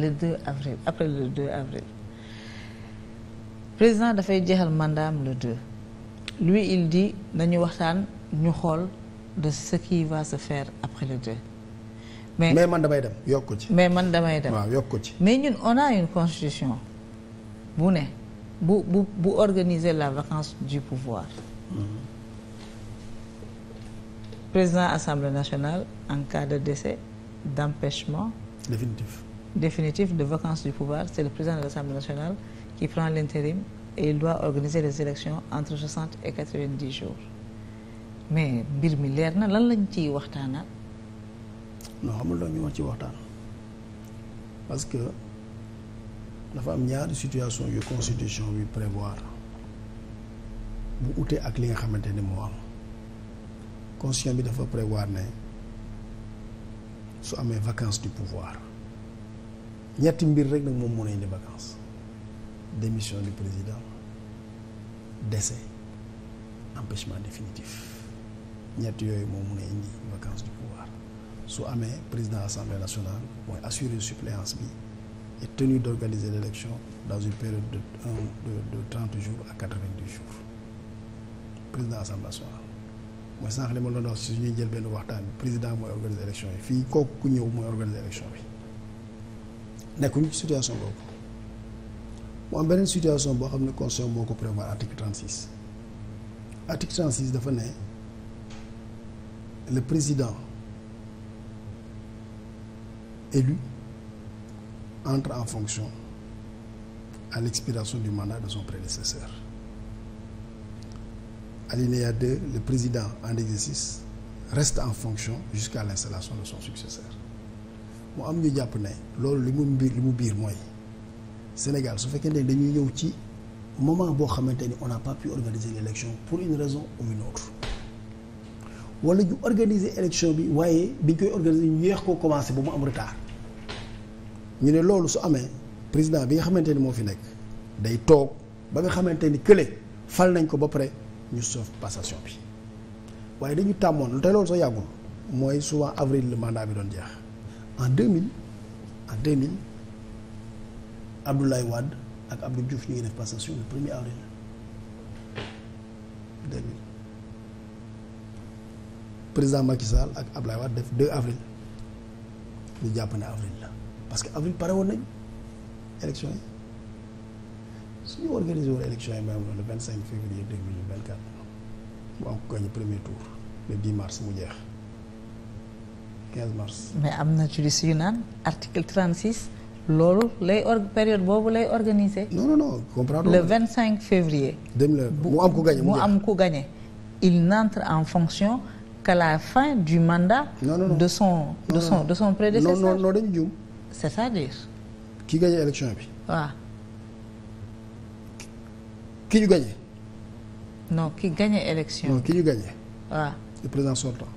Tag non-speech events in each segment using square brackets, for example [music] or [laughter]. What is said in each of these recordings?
le 2 avril après le 2 avril président dafay jeexal mandaam le lui il dit nañu waxtaan ñu xool de ce qui va se faire après le mais mais man damay dem yokk ko ci. mais man damay dem waaw yokk ko ci. mais ñun on une constitution bu ne bu bu bu organiser la vacance du pouvoir. Mm-hmm. président assemblée nationale en cas de décès d'empêchement. définitif de vacance du pouvoir, c'est le président de l'Assemblée nationale qui prend l'intérim et il doit organiser les élections entre 60 et 90 jours. mais mbir mi leer na lan lañ ciy waxtaanaat. non xamul loo ñu ci waxtaan parce que dafa am ñaari situation yu constitution bi prévoir bu ute ak li nga xamante ni moo am constitution bi dafa prévoir ne su amee vacance du pouvoir. ñetti mbir rek nag moom moo indi vacances démission du président décès empêchement définitif ñett yooyu moo mun a indi vacances du pouvoir su amee président assemblée nationale mooy assurer suppléance bi et tenu d' organiser l' élection dans une période de un de de trente jours à quatre vingt dix jours président assemblée nationale. mooy sànq li ma doon wax si ñuy jël benn waxtaan bi président mooy organiser élection yi fii kooku ku ñëw mooy organiser élection bi. nekkuñu ci situation boobu mu am beneen situation boo xam ne constitution moo ko prévoir article 36 article 36 dafa ne le président élu entre en fonction à l'expiration du mandat de son prédécesseur alinéa 2 le président en exercice reste en fonction jusqu'à l'installation de son successeur mu am ñu jàpp ne loolu li mu biir li mu biir mooy Sénégal su fekkee ne dañuy ñëw ci moment boo xamante ni on n'a pas pu organiser l'élection pour une raison ou une ju organiser élection bi waaye biñ koy organiser ñu yéex koo commencé bu mu am retard ñu ne loolu su amee président bi nga xamante ni moo fi nekk day toog ba nga xamante ni kële fal nañ ko ba pare ñu sauve passation bi waaye dañu tàmmoon te loolu soo yàggul mooy souvent avril le mandat bi doon jeex. en 2000 en 2000 Abdoulaye Wade ak Abdou Diouf ñu ngi def passation le premier avril 2000 président Macky ak Abdoulaye Wade def 2 avril ñu jàpp ne avril la parce que avril pare woon nañ élection yi su ñu organisé woon élection yi même le 25 février 2024 mu am ko gagné premier tour le 10 mars mu jeex. 15 mais am na juriste yu naan article 36 loolu lay or période boobu lay organiser. non non non comprendre le 25 février. mu am ku gagné il n'entre en fonction qu'à la fin du mandat. Non, non, non. de son de son de son c'est-à-dire. ki gagné élection bi. waaw. Ah. ki ñu gagné. non ki gagné élection. non ki ñu gagné. waaw ah. le président sortant.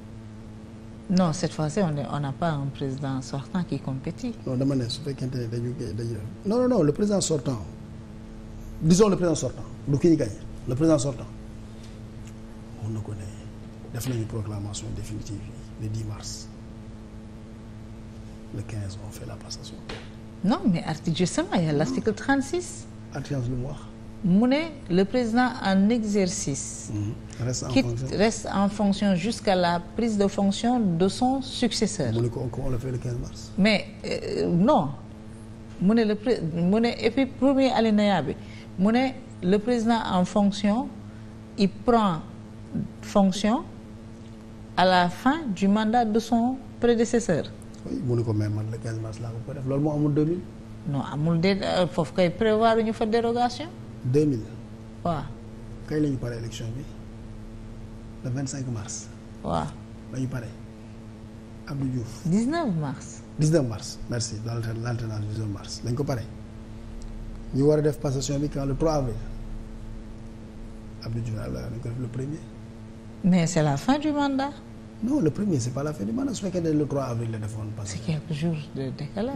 non cette fois-ci on est on n'a pas un président sortant qui compétit. non dama ne su fekkente ne dañu dañu non non non le président sortant disons le président sortant du kii gagné le président sortant mun na ko ne def nañu proclamation définitive le 10 mars le 15 on fait la passation. non mais article justement il y a l'article 36. article lu mu wax. mu ne le président en exercice. Mmh. reste en fonction reste en jusqu'à la prise de fonction de son successeur. mu mais euh, non mu ne le pré mu ne et premier alinéa bi mu ne le président en fonction il prend fonction à la fin du mandat de son prédécesseur. mu ne ko mais mars laa ko amul non amul de euh, foofu kay prévoir ñu fa dérogation. deux mille. waaw. kañ la ñu pare élection bi le cinq mars. waaw la ñu pare Abdou Diouf. dix neuf mars. dix merci dans l'alternance dix mars lañ ko pare ñu war a def passation bi quand le trois avril Abdou Diouf daal dañ ko def le premier. mais c'est la fin du mandat. non le premier c'est pas la fin du mandat su fekkee ne le 3 avril la defoon. parce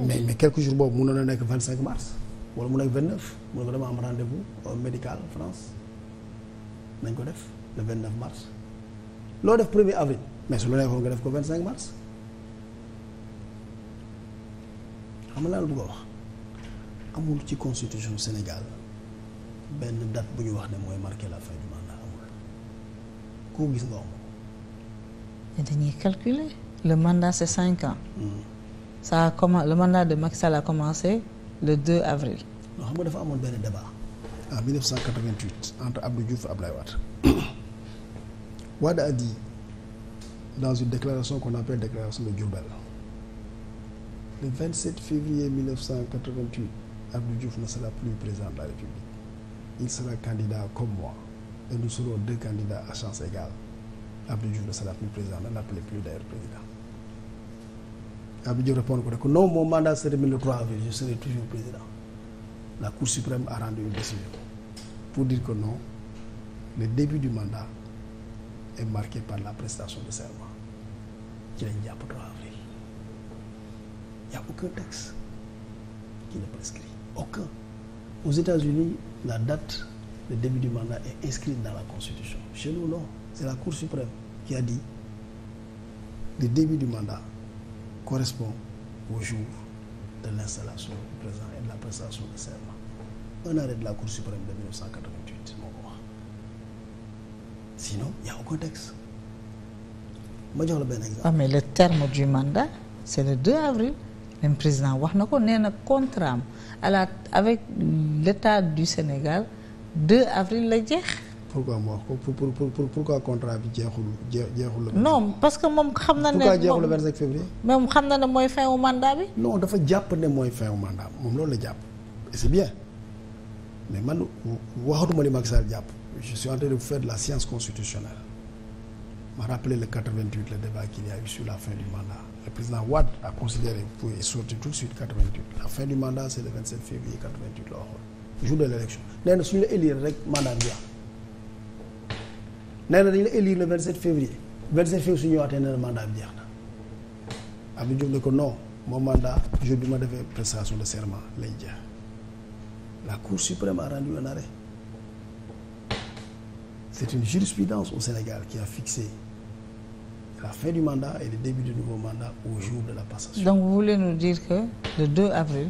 mais mais quelques jours boobu mënoon na nekk mars. wala mu nekk vingt neuf mu ne ko dama am rendez-vous médical France nañ ko def le vingt neuf mars loo def premier avril mais su la neexoon nga def ko vingt cinq mars xam nga la bëgg a wax amul ci constitution Sénégal benn date bu ñu wax ne mooy marqué la fin du mandat amul koo gis nga amul. mais dañuy calculer le mandat c'est cinq ans. Mmh. ça le mandat de Macky a commencé. le 2 avril. non xam nga dafa amoon benn débat en 1988 entre Abdou Diouf et Ablaye Wade. [coughs] Wade a dit dans une déclaration qu'on appelle déclaration de Diourbel le 27 février 1988 Abdou Diouf ne sera plus président de la République il sera candidat comme moi et nous serons deux candidats à chance égale Abdou Diouf ne sera plus président on ne plus d'ailleurs président. Abdou Diouf répond que non, mon mandat le 3 avril, je serai toujours président. La Cour suprême a rendu une décision pour dire que non, le début du mandat est marqué par la prestation de serment. Qui l'a pour 3 avril. Il n'y a aucun texte prescrit. Aucun. Aux États-Unis, la date de début du mandat est inscrite dans la Constitution. Chez nous, non. C'est la Cour suprême qui a dit le début du mandat correspond au jour de l'installation du président et de la prestation de serment un arrêt la Cour suprême moo ko wax sinon y a aucun texte ma jox la benn exemple. waaw ah, terme du mandat c'est le avril même président wax na ko nee na contrat am avec l'État du Sénégal avril la jeex. pourquoi mu wax ko pour pour pour pourquoi contrat bi jeexul jeexul la. non parce que moom xam na ne pourquoi jeexul le na ne mooy fin wu mandat bi. non dafa jàpp ne mooy fin wu mandat moom loolu la jàpp et c'est bien mais man waxatuma li Macky Sall jàpp je suis en train de la science constitutionnelle ma rappelé le 88 le débat qu'il y a eu sur la fin du mandat le président Wade a considéré pour est sorti tout de suite 88 la fin du mandat c'est le 27 février la waxoon jour de l'élection rek mandat nee na dañ la élire le février 27 février su na mandat bi jeex na Abdou Diouf ne ko non moom mandat jour bi ma defee prestation de serment lay jeex la cour suprême a rendu un arrêt c'est une jurisprudence au Sénégal qui a fixé la fin du mandat et le début du nouveau mandat au jour de la passation. donc vous voulez nous dire que le avril.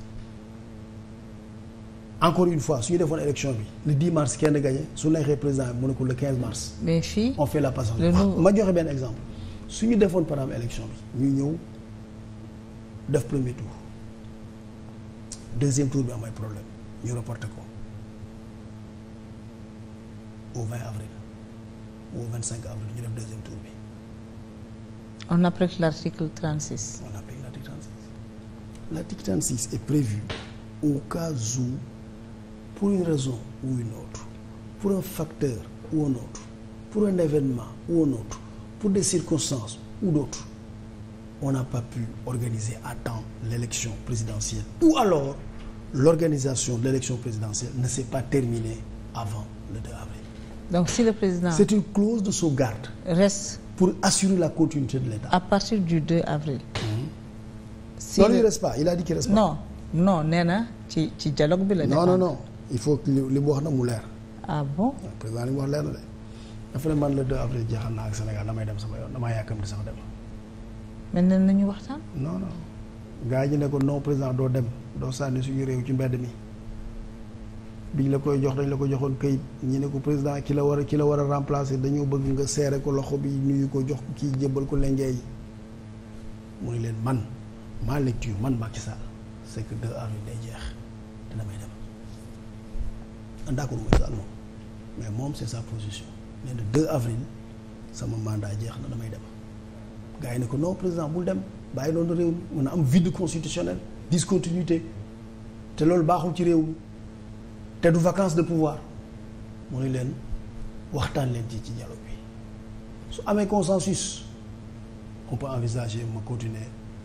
encore une fois su ñu defoon élection bi le 10 mars kenn gagné su neexee président bi mu ne ko le 15 mars. mais fii on fait la passation. ma joxe benn exemple su ñu defoon par exemple élection bi ñu ñëw def premier tour deuxième tour bi amay problème ñu reporté ko au 20 avril au 25 avril ñu def deuxième tour bi. on applique l'article 36. on applique l'article 36. l'article 36 est prévu au cas où. pour une raison ou une autre, pour un facteur ou un autre, pour un événement ou un autre, pour des circonstances ou d'autres, on n'a pas pu organiser à temps l'élection présidentielle. Ou alors, l'organisation de l'élection présidentielle ne s'est pas terminée avant le 2 avril. Donc si le président... C'est une clause de sauvegarde. Reste. Pour assurer la continuité de l'État. À partir du 2 avril. Mmh. Si non, le... il Nena, ci dialogue bi la. non, non. il faut que li mu wax na mu leer. ah bon président li mu wax leer na de dafa ne man le 2 avril jeexal naa ak Sénégal damay dem sama yoon damaa yàkkamti sax dem. la ñu waxtaan. non non gars yi ne ko non président doo dem doo sànni suñu réew ci mbedd mi biñ la koy jox dañ la ko joxoon kayit ñi ne ko président ki la war a ki la war a remplacer dañoo bëgg nga seere ko loxo bi nuyu ko jox ko kii jébbal ko lengee yi mu leen man ma lecture man Macky Sall c'est que 2 avril day jeex te damay dem. d' accord mooy ça non mais moom c' est sa position nee na 2 avril sama mandat jeex na damay dem gars yi ne ko non président bul dem bàyyi loolu réew mi mën a am vide constitutionnel discontinuité te loolu baaxul ci réew te du vacance de pouvoir mu ne leen waxtaan leen ci ci dialogue bi su amee consensus on peut envisager ma continuer.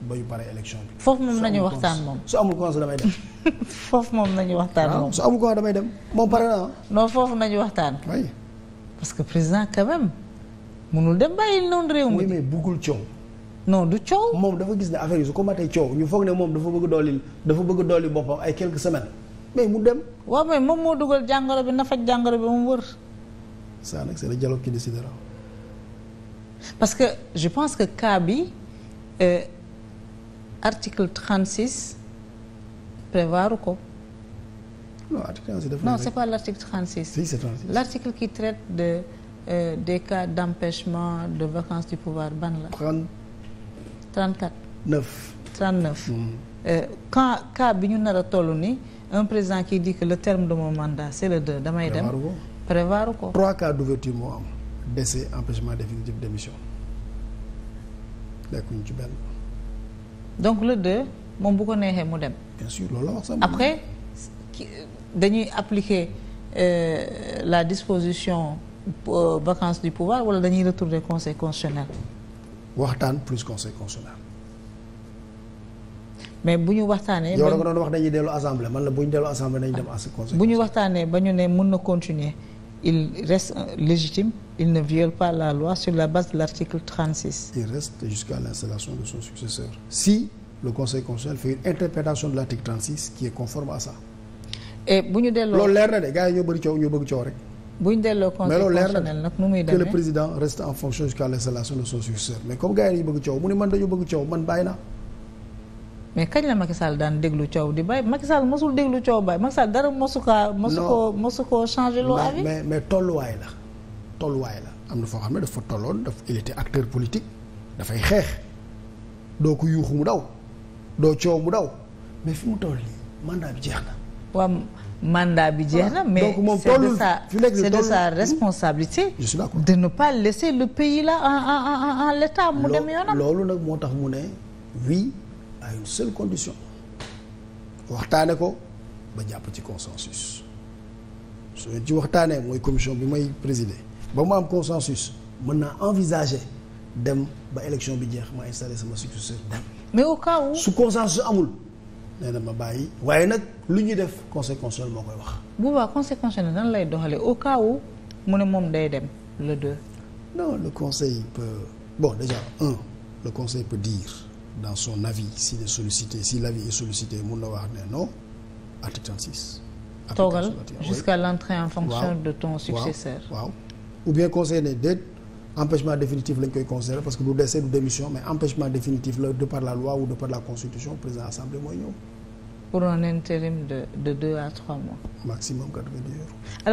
ba yu pare élection bi. foofu moom nañu waxtaan moom su amul cons damay dem. [laughs] foofu moom nañu waxtaan ah, moom su amul cons damay dem moom pare na non foofu nañu waxtaan. oui. parce que président quand même dem bàyyi noonu réew mi. oui mais buggul coow. non du coow. moom dafa gis ne affaire yi su combatté coow ñu foog ne moom dafa bëgg doolil dafa bëgg doolil boppam ay quelques semaines mais mu dem. waaw mais moom moo dugal jàngoro bi na faj jàngoro bi mu wër. ça nag c'est le dialogue qui décidera. parce que je pense que cas bi. Euh, article 36 prévoiru ko. non article 36 dafa non c'est pas l'article 36. si c'est 36 l'article traite de euh, des cas d'empêchement de vacance du pouvoir ban la. 30. 34. 9. 39. Mm. Euh, quand cas bi ñu nar a toll nii un président qui di que le terme de mon mandat c'est le 2 damay dem. prévoiru ko trois cas d'ouverture moo am. décès empêchement définitif d'émission nekkuñu ci benn. donc le de moom bu ko neexee mu dem. bien sûr loolu la wax après dañuy appliquer euh, la disposition euh, vacance du pouvoir wala dañuy retourner conseil constitutionnel. waxtaan plus conseil constitutionnel. mais bu ñu waxtaanee. yow da wax dañuy dellu assemblée man la bu ñu dellu assemblée dañuy dem. conseil bu ñu waxtaanee ba ñu ne mën na continuer il reste légitime. il ne viole pas la loi sur la base de l'article 36. Il reste jusqu'à l'installation de son successeur. Si le Conseil constitutionnel fait une interprétation de l'article 36 qui est conforme à ça. bu ñu delloo loolu leer na de gars yi ñoo bëri coow ñoo bëgg coow rek. bu ñu delloo conseil constitutionnel nag nu muy demee que le président reste en fonction jusqu'à l'installation de son successeur mais comme gars yi mais kañ la Macky Sall daan déglu coow di bàyyi Macky Sall mosul déglu coow bàyyi Macky Sall dara mosu kaa. mosu koo mosu koo changé loo mais mais tolluwaay la. tolluwaay la am na foo xam ne dafa tolloon daf il était acteur politique dafay xeex doo ko yuuxu mu daw doo coow mu daw mais fi mu toll nii mandat bi jeex na. waaw mandat bi jeex na. Ah, mais donc moom tollul fi nekk c'est de sa responsabilité. je suis en en en en mu yoonam. loolu nag moo tax mu ne oui à une seule condition waxtaane ko ba jàpp ci consensus. su ci waxtaanee mooy commission bi may présider. ba mu am consensus mën naa envisager dem ba élection bi jeex ma installé sama successeur dem. mais au cas où. su consensus amul nee na ma bàyyi waaye nag lu ñuy def conseil constitutionnel moo koy wax. bu boobaa conseil constitutionnel nan lay doxalee au kaw où mu ne moom day dem le deux. non le conseil peut bon déjà un le conseil peut dire dans son avis si est sollicité si l'avis est solicité mun na wax ne non article 36. toogal jusqu'à l'entrée en fonction. Wow. waaw. ou bien conseil ne déet empêchement définitif lañ koy considérer parce que du décès du démission mais empêchement définitif la de par la loi ou de par la constitution président assemblée mooy ñëw. pour un intérim de deux à trois mois. maximum quatre-vingt-dix jours.